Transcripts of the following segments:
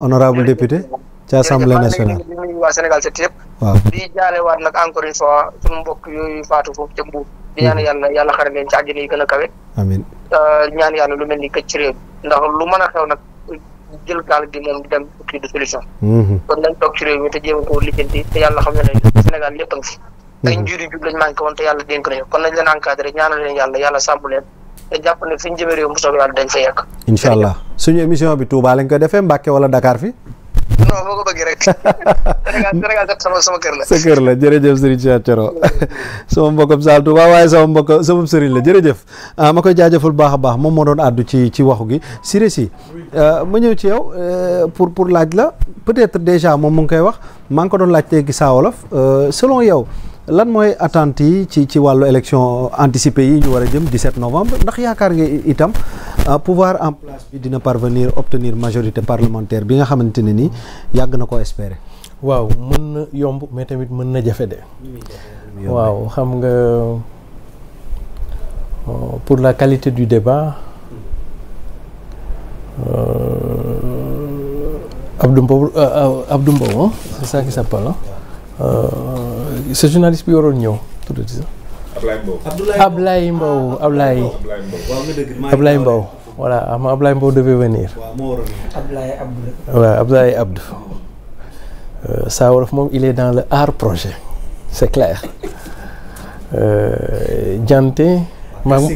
honorable député ci assemblée nationale di nuyu waa Sénégal set yëpp waaw di jaale waat nag encore une mbokk yooyu faatu foofu ca Mbuur di ñaan mm-hmm. yàlla yàlla xare leen ci àjjana yi gën a kawe amiin ñaan yàlla lu mel ni këj ci réew ndax lu mën a xew nag jël gaal gi moom di dem tukki du solution mm-hmm. kon nañ toog ci réew mi te jéem koo lijjanti te yàlla xam ne ne Sénégal lépp a ngi fi ay mm-hmm. njiitu jub lañ manqué woon te yàlla dénk nañu kon nañ leen encadré ñaanal leen yàlla yàlla leen te jàpp ne fi ñu jëmee réew mu soobee yàlla dañ fa yegg. incha allah suñu émission bi Touba lañ koy defee Mbacke wala Dakar fi non boo ko sama sama la. sa la jërëjëf Serigne Cheikh Thioro sama mbokkum Sall Touba waaye sama mbokk sama Serigne la jërëjëf ah, ma koy jaajëfal baax a baax moom moo doon àddu ci ci waxu gi si Sy euh, ma ñëw ci yow euh, pour pour laaj la peut-être déjà moom mu ngi koy wax maa ngi ko doon laaj tey gi saa wolof euh, selon yow. lan mooy attente yi ci ci wàllu élection anticipée yi ñu war a jëm 17 novembre ndax yaakaar nga itam euh, pouvoir en place dina parvenir obtenir majorité parlementaire bi nga xamante ne nii yàgg na ko espérer. waaw mën na yomb mais tamit mën na jafe de. waaw xam nga euh, pour la qualité du débat euh, Abdou Mbow Abdou Mbow c'est ça qui s'appelle sa journaliste bi waroon ñëw tuddati sax. Ablaye Mbow Ablaye Mbow Ablaye Mbow voilà ama Ablaye Mbow devait venir waaw Ablaye Abdou euh, Sawaraf moom il est dans le art projet c'est clair Jante euh, maam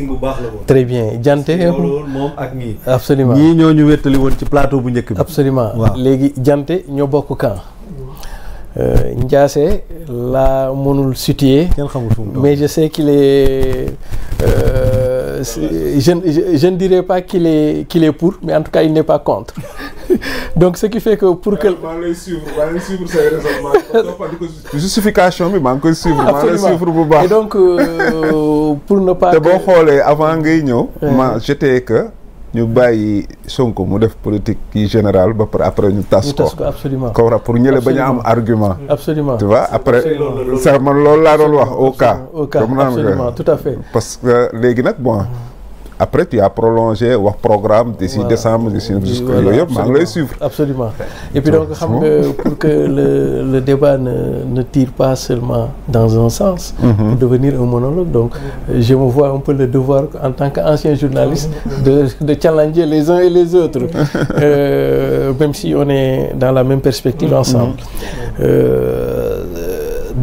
très bien Jante moom ak ñii absolument ñii ñoo ñu wéttali woon ci plateau bu njëkk bi absolument léegi Jante ñoo bokk camp Euh, Ndiassé la mënul situer. kenn xamul fu mu mais je sais qu'il est euh, je ne je ne dirais pas ki est pour mais en tout cas il n'est pas contre donc ce qui fait que pour que. justification bi maa ngi koy suivre. maa lay suivre bu baax donc euh, pour ne pas. te boo xoolee avant ngay ñëw. ma j'étais que. ñu bàyyi Sonko mu def politique yi général ba pare après ñu tas ko ko war pour ñële ba ñu am argument absolument tu vois après sax man loolu laa doon wax au cas comme naan tout à fait parce que léegi nag bon après tu as prolongé wax programme d'ici voilà. décembre yëpp maa ngi suivre absolument et donc xam nga pour que le le débat ne tire pas seulement dans un sens mm -hmm. pour devenir un monologue donc je me vois un peu le devoir en tant qu'ancien journaliste de de challenger les uns et les autres euh, même si on est dans la même perspective mhm. ensemble euh,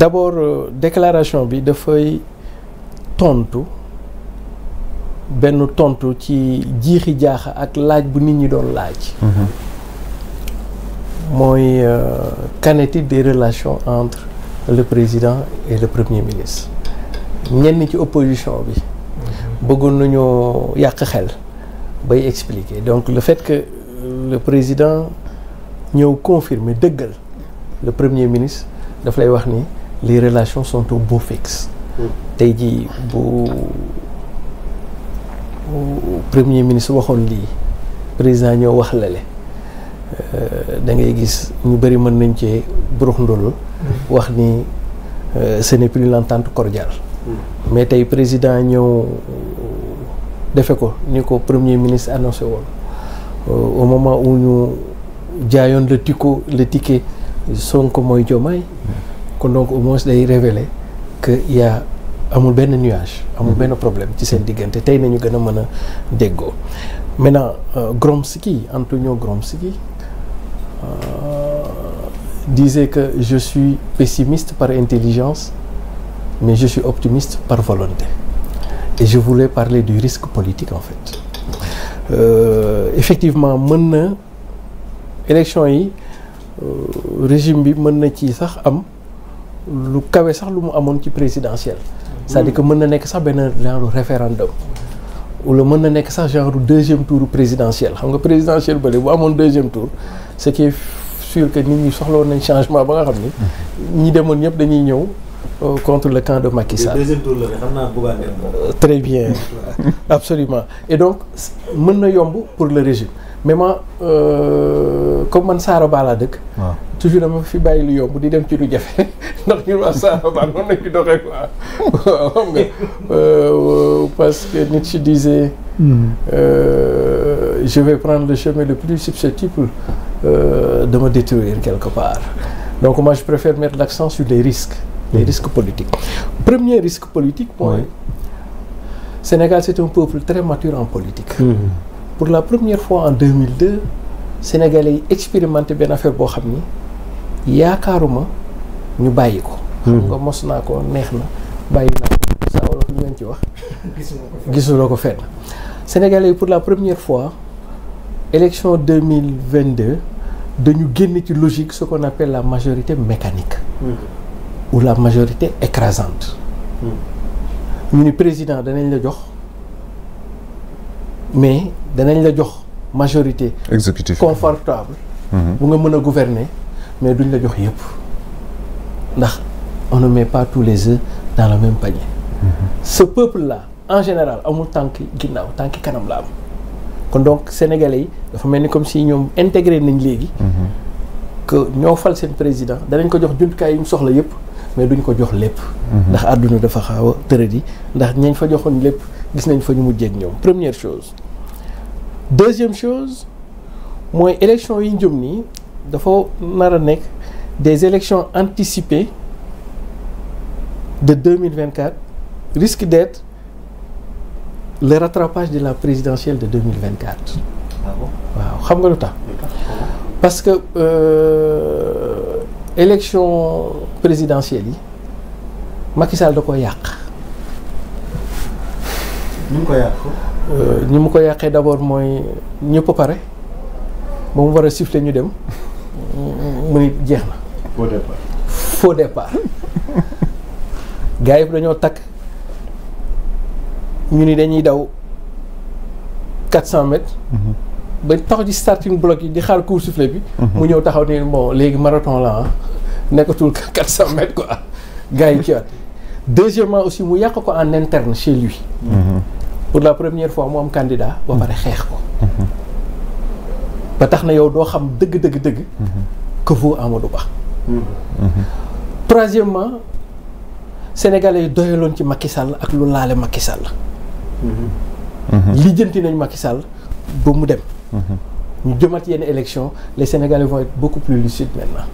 d'abord euh, déclaration bi dafay tontu benn tontu ci jiixi jaaxa ak laaj bu nit ñi doon laaj. Mhm. mooy euh, qu'en est-il des relations entre le président et le premier ministre. ñenn ci opposition bi. Mhm. bëggoon nañoo yàq xel. bay expliquer donc le fait que euh, le président ñëw confirmer dëggal le premier ministre daf lay wax ni les relations sont bu beau fixe. Mm. tey jii bu. premier ministre waxoon lii président ñëw wax lale euh, da ngay gis ñu bëri mën nañ cee burux ndóol wax ni euh, ce n'est plus l'entente cordiale mm. mais tey président ñëw defe ko ni ko premier ministre annoncé woon euh, au moment où ñu jaayoon le ticket le ticket Sonko mooy Diomaye mm. kon donc au day révéler que y amul benn nuage amul benn problème ci seen diggante tey nañu gën a mën a déggoo maintenant euh, Gramsci Antonio Gramsci euh, disait que je suis pessimiste par intelligence mais je suis optimiste par volonté et je voulais parler du risque politique en fait euh, effectivement mën na élection yi régime bi mën na ci sax am lu kawe sax lu mu amoon ci présidentielle c'est-à-dire que mën na nekk sax benn genre référendum wala mën na nekk sax genre deuxième tour présidentiel xam nga présidentiel bële bu amoon deuxième tour ce qui est sûr que nit ñi soxlawoon nañ changement ba nga xam ni ñi demoon ñëpp dañuy ñëw euh, contre le de Macky Sall. deuxième tour la xam naa bëgg naa euh, très bien absolument et donc mën na yomb pour le régime mais ma euh, comme man Saara balaa laa dëkk. toujours dama fi bàyyi lu yomb di dem ci lu jafe ndax ñun waa Saara Ba noonu lañ euh, ci doxee disait hmm. euh, je vais prendre le chemin le plus susceptible euh, de me détruire quelque part donc moi je préfère mettre l'accent sur les risques les risques politiques premier risque politique mooy Sénégal c'est un peuple très mature en politique hmm. pour la première fois en 2002 Sénégalais yi expérimenté benn affaire boo xam ni yaakaaruma ñu bàyyi ko. Hmm. xam nga mos naa ko neex na bàyyi naa ko saa ñu leen ci wax. gisuloo ko fet Sénégalais yi pour la première fois élection deux mille vingt deux dañu génn ci logique ce qu'on appelle la majorité mécanique. Mmh. ou la majorité écrasante. Hmm. ñu mmh. ni président danañ la jox mais danañ la jox majorité. exécutive confortable hmm. bu nga mën a gouverner. mais duñ la jox yëpp ndax on ne met pas les œufs dans le même panier. Mmh. ce peuple là en général amul tànk ginnaaw tànk kanam la am kon donc sénégalais yi dafa mel ni comme si ñoom intégré nañ léegi. Mm-hmm. que ñoo fal seen président danañ ko jox jumtukaay yu mu soxla yëpp mais duñ ko jox lépp. Mm-hmm. ndax àdduna dafa xaw a ndax ñañ fa joxoon lépp gis nañ fa ñu mujjee ak ñoom première chose. deuxième chose mooy élection yi ñu nii dafa nar a nekk des élections anticipées de 2024 risque d'être le rattrapage de la présidentielle de 2024 ah waaw xam nga lu tax parce que euh, élection présidentielle yi Macky Sall da ko yàq mu ko ñi euh, mu ko yàqee d'abord mooy ñëpp pare ba mu war a siffler ñu dem mu ni jeex na. faux départ. faux départ gars dañoo takk ñu ni dañuy daw quatre cent mètres. Mhm. ba taxaw ci starting block yi di xaar court soufflé bi. Mhm. mu ñëw taxaw ni bon léegi marathon la ah nekkatul quatre cent mètres quoi gars yi ci waat deuxièmement aussi mu yàq ko en interne chez lui. Mhm. pour la première fois mu am candidat. ba pare xeex ko. ba tax na yow doo xam dëgg dëgg dëgg. Mhm. que vaut Amadou Ba. Mhm. Mhm. troisièmement sénégalais yi doyaloon ci Macky sàll ak lu laale Macky Sall. lijjanti nañ Macky Sall ba mu dem. ñu jëmaat yenn élection les sénégalais vont être beaucoup plus lucides maintenant.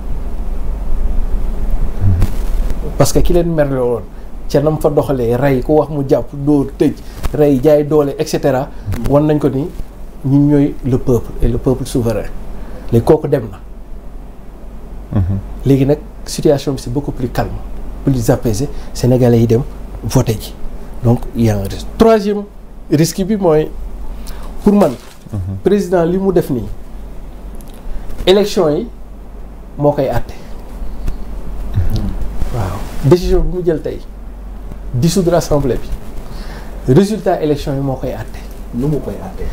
parce que ki leen merle woon ca nam fa doxalee rey ku wax mu jàpp dóor tëj rey jaay doole et cetera. nañ ko nii ñu ñooy le peuple et le peuple souverain léegi kooku dem na. Mhm. léegi nag situation bi c'est beaucoup plus calme plus apaisé sénégalais yi dem voté ji donc y a un risque bi mooy pour man. Mhm. président li mu def nii élection yi moo koy àtte. waaw décision bi mu jël tey dissoudre assemblée bi résultat élection yi moo koy àtte. lu mu koy àtte.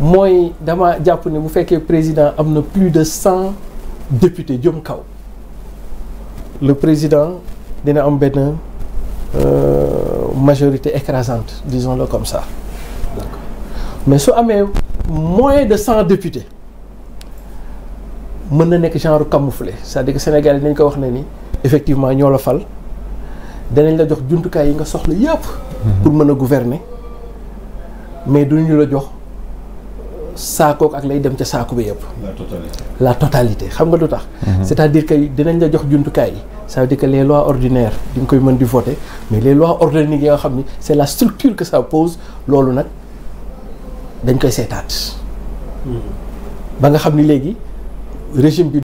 mooy dama jàpp ne bu fekkee président am na plus de cent députés jëm kaw le président dina am benn euh, majorité écrasante disons-le comme sax mais su amee moins de cent députés mën na nekk genre camouflé cest à que Sénégal yi nañ ko wax ne ni effectivement ñoo la fal danañ la jox jumtukaay yi nga soxla yépp mhm. pour mën a gouverner mais duñu la jox saakook ak lay dem ca saaku bi yëpp. la totalité xam nga lu tax. Mhm. c'est-à-dire que dinañ la jox jumtukaay yi. ça veut que les lois ordinaires di nga koy mën di voter mais les lois organiques yi nga xam ni c'est la structure que sa pose loolu nag dañ koy seetaat. Hmm. ba nga xam ni léegi régime bi.